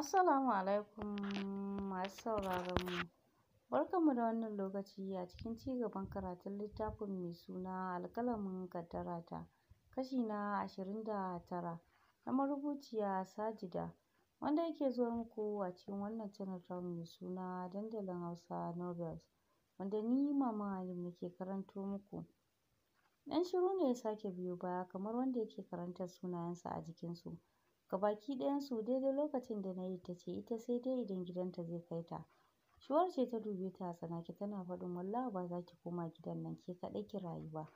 Assalamu alaikum masu sauraron mu. Barkanmu da wannan lokaci a cikin cigaban karatun littafin mai suna alƙalamin kaddara ta kashi na ashirin da tara na marubuciya Sajida wanda yake zuwa muku a cikin wannan channel mai suna dandalin Hausa Novels wanda ni Mama Alim nake karanto muku. Ɗan shiru ne ya sake biyo baya kamar wanda yake karantar sunayensa a jikinsu. Gabaki ɗayansu daidai lokacin da na yi ta ce ita sai dai idan gidanta zai kai ta. Shuwar ce ta dube ta a ki tana faɗin wallahi ba za ki koma gidan nan ke kaɗai ki rayu ba.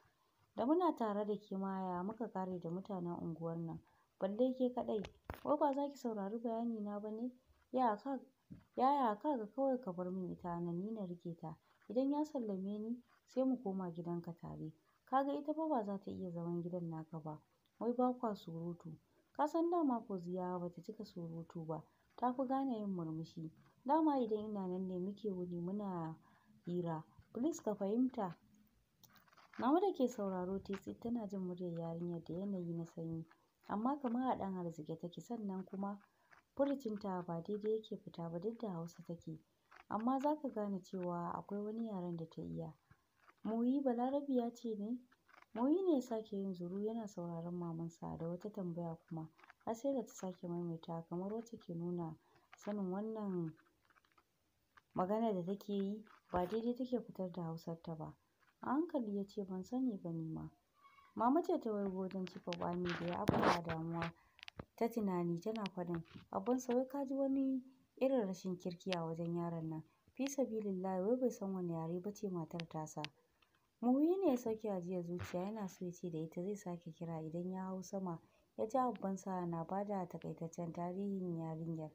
Da muna tare da ke ma yaya muka kare da mutanen unguwar nan balle ke kaɗai. Wai ba za ki saurari bayani na ba ne? Yaya ka ga kawai ka bar min ita nan ni na rike ta. Idan ya sallame ni sai mu koma gidanka tare. Ka ga ita fa ba za ta iya zaman gidan naka ba. Wai ba kwa surutu. Ka san dama ko ba bata cika surutu ba, ta fi gane yin murmushi. Dama idan ina nan ne muke wuni muna hira. Please ka fahimta. Mama da ke sauraro titi tana jin muryar yarinyar da yanayi na sanyi, amma kamar a ɗan harzike take sannan kuma furcinta ba daidai yake fita ba duk da Hausa take. Amma za ka gane cewa akwai wani yaren da ta iya. Muyi yi Balarabiya ce ne? Moyi ne ya sake yin zuru yana sauraron mamansa da wata tambaya kuma har sai da ta sake maimaita kamar wacce ke nuna sanin wannan maganar da take yi ba daidai take fitar da Hausar ta ba. A hankali ya ce ban sani ba ni ma. Mama ce ta waigo wajen cika of da ya afka damuwa ta tunani tana faɗin abbansa wai ka ji wani irin rashin kirki a wajen yaron nan. Fi sabilillahi wai bai san wane yare ba ce matar tasa. Mourinho ne ya sauke ajiyar zuciya, yana so ya ce da ita zai sake kira idan ya hau sama ya ji abbansa na ba da taƙaitaccen tarihin yarinyar,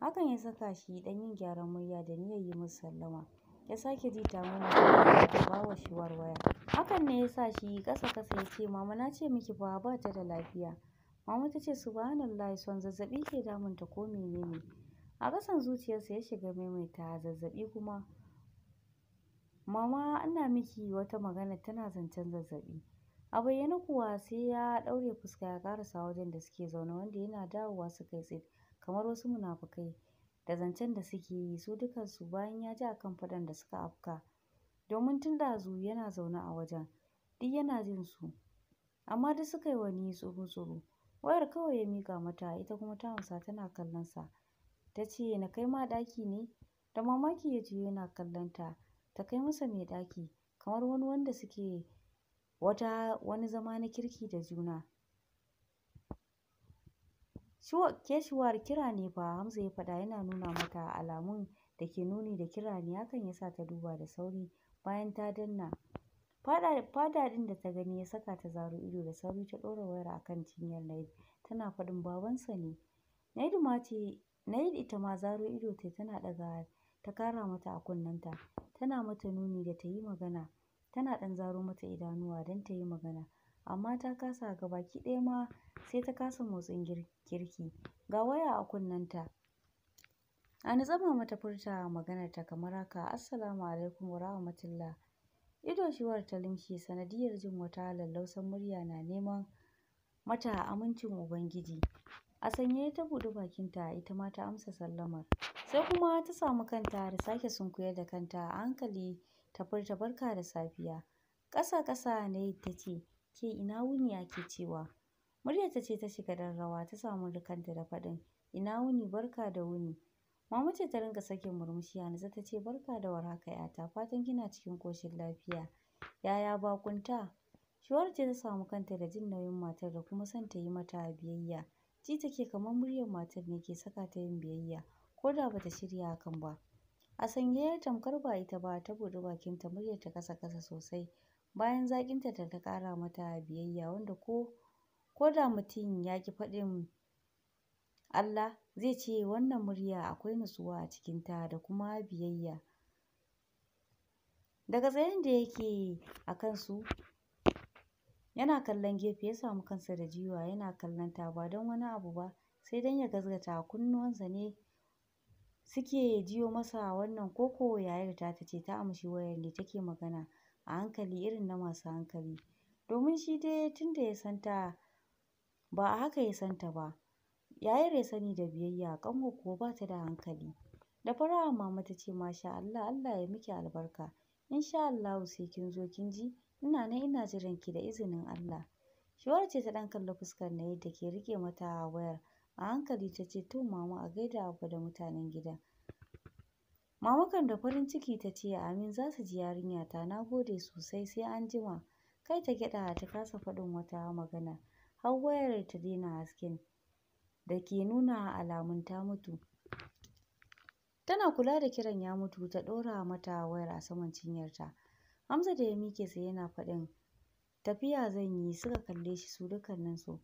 hakan ya saka shi dan yin gyaran murya da niyyar yi musu sallama, ya sake ji ta murna tana ba wa waya, hakan ne ya sa shi ƙasa-ƙasa ya ce mama na ce miki fa ba ta da lafiya, mama ta ce subhanallahi son zazzaɓi ke damunta ko menene?" a ƙasan zuciyarsa ya shiga maimaita zazzaɓi kuma. Mama ina miki wata magana tana zancen zazzaɓi. A bayyane kuwa sai ya ɗaure fuska ya ƙarasa wajen da suke zaune wanda yana dawowa su yi tsit kamar wasu munafukai da zancen da suke yi su dukansu bayan ya ji a kan faɗan da suka afka. Domin tun zu yana zaune a wajen duk yana jin su. Amma duk suka yi wani tsuru-tsuru. Wayar kawai ya miƙa mata ita kuma ta amsa tana kallon sa. Ta ce na kai ma ɗaki ne? Da mamaki ya ji yana kallon ta. ta kai masa mai ɗaki kamar wani wanda suke wata wani zama na kirki da juna keshuwar kira ne fa Hamza ya faɗa yana nuna mata alamun da ke nuni da kira ne hakan ya sa ta duba da sauri bayan ta danna fada ɗin da ta gani ya saka ta zaro ido da sauri ta ɗora wayar a kan cinyar Naid tana faɗin babansa ne Naid ma ce Naid ita ma zaro ido ta tana ɗaga ta kara mata a kunnenta tana mata nuni da ta yi magana tana ɗan zaro mata idanuwa don ta yi magana amma ta kasa ga baki ɗaya ma sai ta kasa motsin kirki ga waya a kunnenta a nutse mata furta maganar ta kamar haka assalamu alaikum wa rahmatullah ido shiwar ta limshe sanadiyar jin wata lallausan murya na neman mata amincin ubangiji A sanye ta buɗe bakinta ita ma ta amsa sallamar. Sai kuma ta samu kanta da sake sunkuyar da kanta a hankali ta furta barka da safiya. Ƙasa ƙasa Nayid ta ce ke ina wuni ake cewa. Muryarta ce ta shiga ɗan rawa ta samu kanta da faɗin ina wuni barka da wuni. Mama ce ta ringa sakin murmushi a natse ta ce barka da warhaka ‘yata fatan kina cikin ƙoshin lafiya. Yaya baƙunta? Shuwaiba ce ta samu kanta da jin nauyin matar da kuma son ta yi mata biyayya. ji take kamar muryar matar ne ke saka ta yin biyayya ko da bata shirya hakan ba a sanye tamkar ba ita ba ta buɗe bakinta muryar ta kasa kasa sosai bayan zaƙinta da ta ƙara mata biyayya wanda ko ko da mutum ya ƙi faɗin Allah zai ce wannan murya akwai nutsuwa a cikin ta da kuma biyayya daga tsayen da yake a su yana kallon gefe ya samu kansa da jiwa yana kallon ta ba don wani abu ba sai don ya gazgata kunnuwansa ne suke jiyo masa wannan koko yayar ta ta ce ta amshi wayar ne take magana a hankali irin na masu hankali domin shi dai da ya san ta ba a haka ya san ta ba yayar ya sani da biyayya kanwa kuwa ba ta da hankali da fara'a mama ta ce masha Allah Allah ya miki albarka insha Allahu sai kin zo kin ji Ina nan ina jiran ki da izinin Allah. Shuwaiba ce ta ɗan kalli fuskar na yadda ke rike mata wayar. A hankali ta ce to mama a gaida abu da mutanen gida. Mamakan da farin ciki ta ce amin za su ji yarinya ta na gode sosai sai an jima. Kai ta gyaɗa ta kasa faɗin wata magana. Har wayar ta daina hasken da ke nuna alamun ta mutu. Tana kula da kiran ya mutu ta ɗora mata wayar a saman cinyarta. Hamza da ya mike sai yana faɗin tafiya zan yi suka kalle shi su dukkaninsu.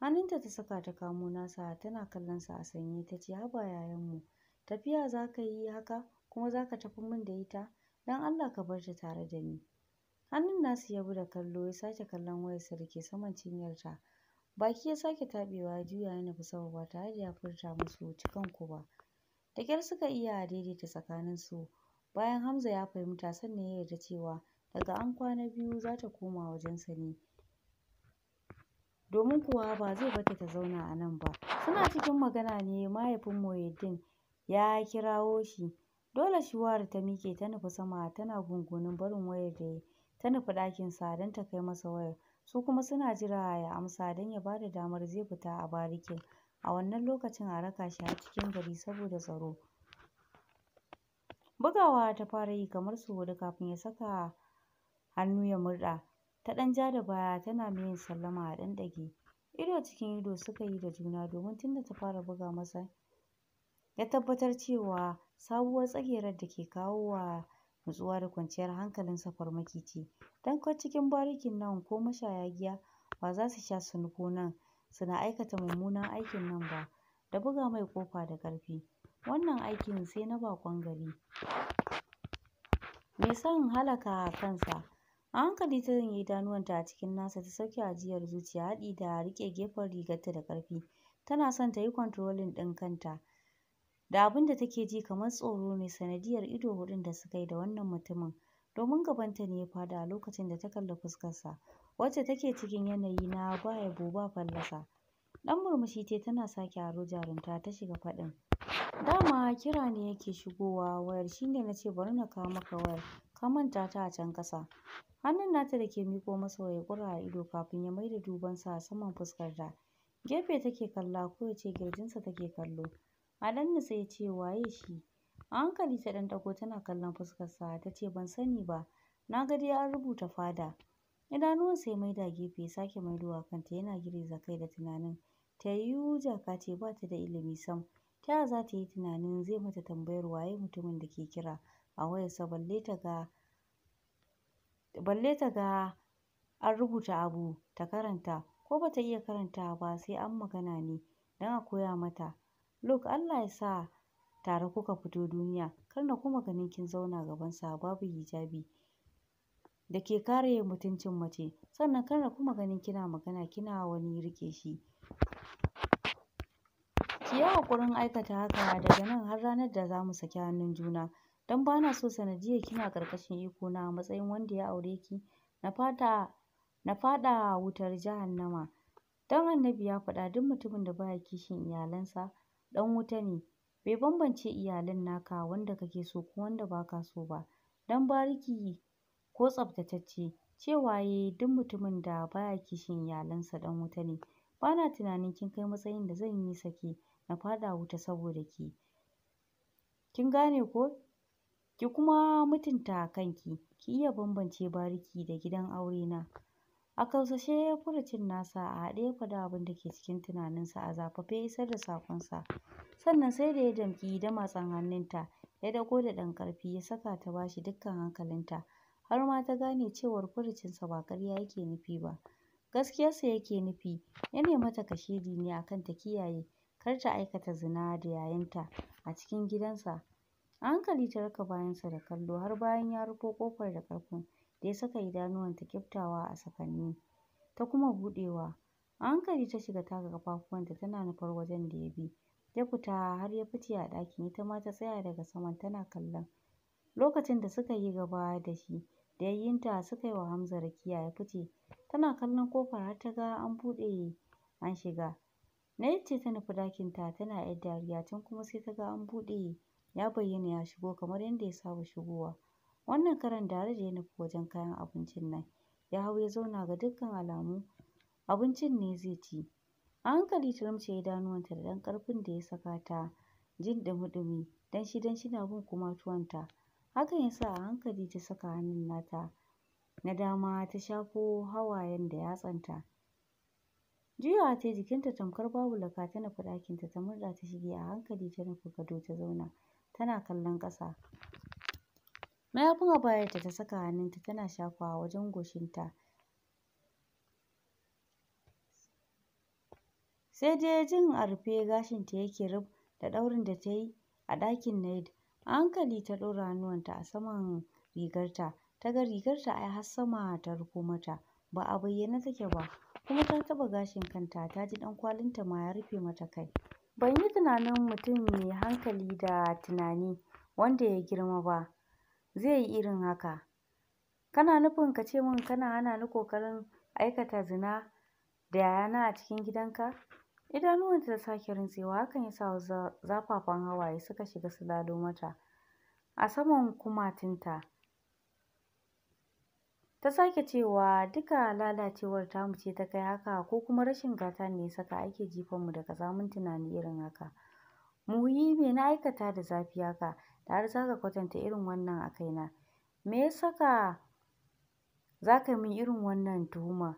Hannunta ta saka ta kamo nasa tana kallon sa a sanye ta ce haba yayanmu tafiya za ka yi haka kuma za ka tafi min da ita don Allah ka bar ta tare da ni. Hannun nasu ya bi da kallo ya sake kallon wayarsa da ke saman cinyarta. Baki ya sake taɓewa ya juya yana nufi sama ba tare da ya furta musu cikan ku ba. Da ƙyar suka iya daidaita tsakaninsu Bayan Hamza ya fahimta sannan ya yarda cewa daga an kwana biyu za ta koma wajensa ne. Domin kuwa ba zai barta ta zauna a nan ba. Suna cikin magana ne mahaifin Muhyiddin ya kirawo shi. Dole Shuwari ta miƙe ta nufi sama tana gungunin barin wayar da ta nufi ɗakin sa don ta kai masa wayar. Su kuma suna jira ya amsa don ya bada damar zai fita a barikin. A wannan lokacin a raka shi a cikin gari saboda tsaro. bugawa ta fara yi kamar sau huɗu kafin ya saka hannu ya murɗa ta ɗan ja da baya tana mai sallama a ɗan ɗage ido cikin ido suka yi da juna domin tunda ta fara buga masa ya tabbatar cewa sabuwar tsagerar da ke kawo wa nutsuwa da kwanciyar hankalin sa farmaki ce don ko cikin barikin nan ko mashaya giya ba za su sha sunu ko nan suna aikata mummunan aikin nan ba da buga mai ƙofa da ƙarfi Wannan aikin sai na baƙon gari mai son halaka kansa. A hankali ta janye idanuwanta a cikin nasa ta sauke ajiyar zuciya haɗi da riƙe gefen ta da ƙarfi. Tana son ta yi controlling ɗin kanta da abin da take ji kamar tsoro mai sanadiyar ido huɗun da suka yi da wannan mutumin. Domin gabanta ne ya faɗi a lokacin da ta kalli fuskarsa wacce take cikin yanayi na ba yabo ba fallasa. Ɗan murmushi ce tana sake aro jarumta ta shiga faɗin. Dama kira ne yake shigowa wayar shine nace bari na kawo maka wayar. Ka manta ta a can ƙasa. Hannun nata da ke miko masa wayar ya ƙura a ido kafin ya maida dubansa a saman fuskar ta Gefe take kalla ko ya ce ƙirjinsa take kallo. A ɗan sai ya ce waye shi? A hankali ta ɗan ɗago tana kallon fuskarsa ta ce ban sani ba. Na ga dai an rubuta fada. idanuwan ya maida gefe ya sake maidowa kanta yana girgiza kai da tunanin. Ta yiwu jaka ce ba ta da ilimi sam. ta za ta yi tunanin zai mata tambayar waye mutumin da ke kira a wayarsa balle ta ga balle ta ga an rubuta abu ta karanta ko ba ta iya karanta ba sai an magana ne don a koya mata look Allah ya sa tare kuka fito duniya kar na kuma ganin kin zauna gaban sa babu hijabi da ke kare mutuncin mace sannan kar na kuma ganin kina magana kina wani rike shi ki yi haƙurin aikata haka daga nan har ranar da za mu saki hannun juna don ba na so sanadiyyar kina ƙarƙashin ikona a matsayin wanda ya aure ki na faɗa na faɗa wutar jahannama don annabi ya faɗa duk mutumin da baya kishin iyalansa ɗan wuta ne bai bambance iyalan naka wanda kake so ko wanda baka so ba dan bariki ko tsaftatacce cewa waye duk mutumin da baya kishin iyalansa ɗan wuta ne bana tunanin kin kai matsayin da zan yi sake na faɗa wuta saboda ke kin gane ko ki kuma mutunta kanki ki iya bambance bariki da gidan aure na a kausashe furucin nasa a haɗe ya faɗi abin da ke cikin tunaninsa a zafafe ya isar da sakonsa sannan sai da ya damƙi damatsan ta ya dago da ɗan ƙarfi ya saka ta bashi dukkan hankalinta har ma ta gane cewar furucinsa ba ƙarya yake nufi ba gaskiyarsa yake nufi ya nemi mata kashedi ne akan ta kiyaye kar ta aikata zina da yayanta a cikin gidansa. A hankali ta raka bayansa da kallo har bayan ya rufo ƙofar da ƙarfin da ya saka ta kyaftawa a sakanni ta kuma buɗewa. A hankali ta shiga taka ta tana nufar wajen da ya bi. Ya fita har ya fice a ɗakin ita ma ta tsaya daga saman tana kallon. Lokacin da suka yi gaba da shi da ta suka yi wa Hamza rakiya ya fice tana kallon kofar har ta ga an buɗe an shiga. yi ce ta nufi ta tana ‘yar dariya tun kuma sai ta ga an buɗe ya bayyana ya shigo kamar yadda ya saba shigowa. Wannan karon da ya nufi wajen kayan abincin nan. Ya hau ya zauna ga dukkan alamu abincin ne zai ci. A hankali ta lumshe idanuwanta da ɗan ƙarfin da ya saka ta jin ɗumi-ɗumi danshi-danshi na bin kumatuwanta. Hakan ya sa a hankali ta saka hannun nata na dama ta shafo hawayen da yatsanta. Juyawa ta yi jikinta tamkar babu laka ta nufi ɗakinta ta murda ta shige a hankali ta nufi gado ta zauna tana kallon ƙasa. Mayafin abayarta ta saka hannunta tana shafawa wajen goshinta. Sai dai jin a rufe gashinta yake rub da ɗaurin da ta yi a ɗakin Naid. A hankali ta ɗora hannuwanta a saman rigarta. Ta ga rigarta ai har sama ta rufo mata. Ba a bayyane take ba. kuma ta taɓa gashin kanta ta ji ɗan kwalinta ma ya rufe mata kai. Ban yi tunanin mutum mai hankali da tunani wanda ya girma ba zai yi irin haka. Kana nufin ka ce min kana hana ni ƙoƙarin aikata zina da yayana a cikin gidanka? Idanuwanta ta sake rintsewa hakan ya sa zafafan hawaye suka shiga lalo mata a saman kumatunta. Ta sake cewa duka lalacewar tamu ce ta kai haka ko kuma rashin gata ne ya saka ake mu daga zamun tunani irin haka. Muyi me na aikata da zafi haka da har za ka kwatanta irin wannan a kaina. Me ya saka za ka min irin wannan tuhuma?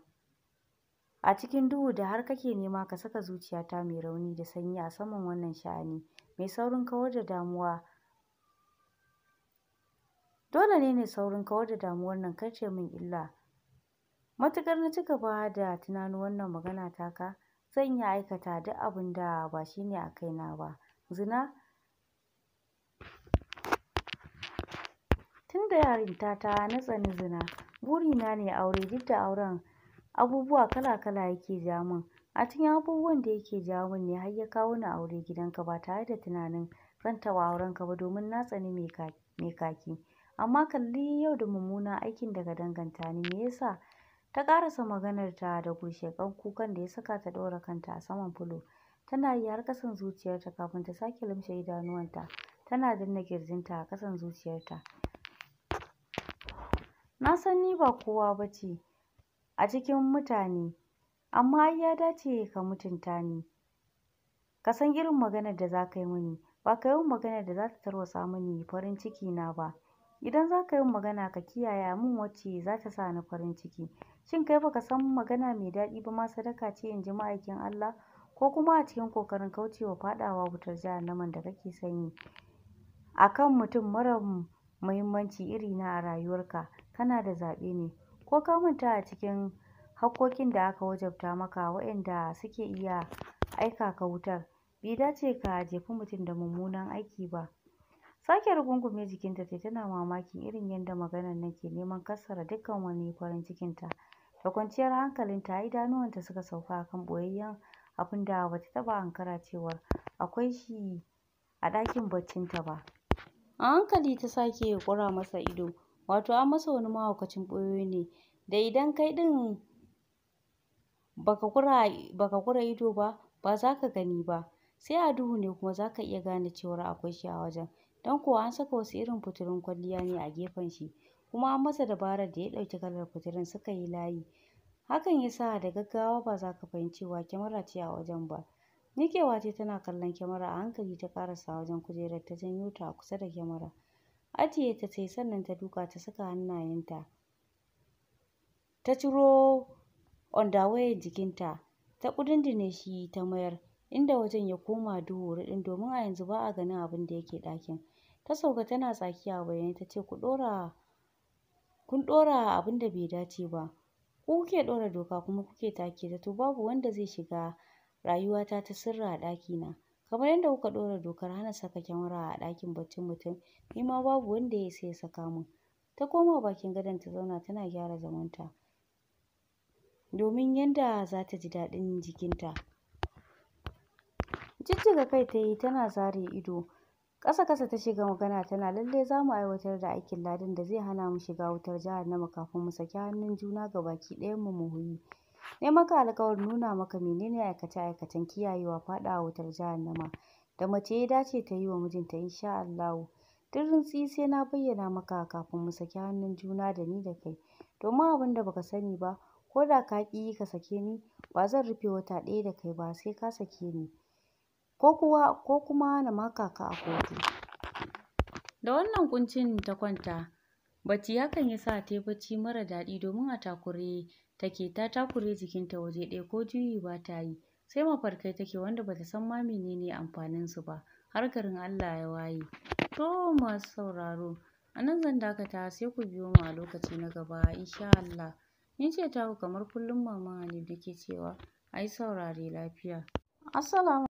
A cikin duhu da har kake nema ka saka zuciyata mai rauni da sanyi a saman wannan sha'ani mai saurin kawar da damuwa Dole ne ne saurin kawar da damuwar nan kar min illa. Matukar na cika ba da tunanin wannan magana taka, zan iya aikata duk abin da ba shi ne a kaina ba. Zina Tun da ta na tsani zina. Burina ne aure duk da auren abubuwa kala-kala yake ja min. A cikin abubuwan da yake jawo min ne har ya kawo ni aure gidanka ba tare da tunanin zan taɓa aurenka ba domin na tsani mai kaki. amma kalli yau da mummunan aikin daga danganta ni me yasa ta karasa ta da gushegan kukan da ya saka ta ɗora kanta a saman fulo tana yi har ƙasan zuciyarta kafin ta sake lumshe idanuwanta tana danna ƙirjinta a ƙasan zuciyarta na san ni ba kowa ba ce a cikin mutane amma ai ya dace ka mutunta ni ka san irin maganar da za ka yi mini ba ka yi maganar da za ta tarwatsa mini farin ciki na ba Idan za ka yi magana ka kiyaye min wacce za ta sa ni farin ciki. Shin kai baka san magana mai daɗi ba ma sadaka ce in ji ma'aikin Allah? Ko kuma a cikin ƙoƙarin kaucewa faɗawa wutar jahannaman da kake sanyi? yi a kan mutum mara muhimmanci iri na a rayuwarka kana da zaɓe ne. Ko ka manta a cikin haƙƙoƙin da aka wajabta maka waɗanda suke iya aika ka wutar. Bai dace ka jefi mutum da mummunan aiki ba. sake rungume jikinta tayi tana mamakin irin yadda maganar nan ke neman kassara dukkan wani farin cikinta da kwanciyar hankalin, hankalinta idanuwanta suka sauka akan boyayyen abin da bata taba ankara cewar akwai shi a ɗakin baccinta ba a hankali ta sake ƙura masa ido wato an masa wani mahaukacin ɓoyo ne da idan kai ɗin baka kura baka kura ido ba ba zaka gani ba sai a duhu ne kuma zaka iya gane cewar akwai shi a wajen don kuwa an saka wasu irin fitilun kwalliya ne a gefen shi kuma an masa dabarar da ya ɗauki kalar fitilun suka yi layi hakan ya sa da gaggawa ba za ka fahimcewa kyamara ce a wajen ba Nikewa ce tana kallon kyamara a hankali ta ƙarasa wajen kujerar ta janyo ta a kusa da kyamara ajiye ta tayi sannan ta duka ta saka hannayenta ta ciro underwear jikinta ta ƙudundune shi ta mayar inda wajen ya koma duhu ruɗun domin a yanzu ba a ganin abin da yake ɗakin. Ta sauka tana tsaki a bayyane ta ce ku ɗora kun ɗora abin da bai dace ba. Ku kuke ɗora doka kuma kuke take ta to babu wanda zai shiga rayuwata ta sirri a ɗakina. Kamar yadda kuka ɗora dokar hana saka kyamara a ɗakin baccin mutum ni ma babu wanda ya isa saka min. Ta koma bakin gadon ta zauna tana gyara zamanta domin yadda za ta ji daɗin jikinta. jijjiga kai ta yi tana zare ido ƙasa ƙasa ta shiga magana tana lalle za mu aiwatar da aikin ladin da zai hana mu shiga wutar jihar Nama kafin mu saki hannun juna ga baki ɗayan mu mu huyi ne maka alƙawar nuna maka menene aikace aikacen kiyayewa faɗawa wutar jihar Nama. da mace ya dace ta yi wa mijinta insha Allahu duk rintsi sai na bayyana maka kafin mu saki hannun juna da ni da kai domin abin da baka sani ba ko da ka ƙi ka sake ni ba zan rufe wata ɗaya da kai ba sai ka sake ni ko ko kuma na maka ka a kotu. Da wannan kuncin ta kwanta, bacci hakan ya sa ta yi bacci mara daɗi domin a takure take ta takure jikinta waje ɗaya ko juyi ba ta yi, sai mafarkai take wanda ba ta san ma menene amfaninsu ba har garin Allah ya waye. To masu sauraro, a nan zan dakata sai ku biyo mu a lokaci na gaba insha Allah. in ce taku kamar kullum Mama Hanif da ke cewa a yi saurare lafiya. Assalamu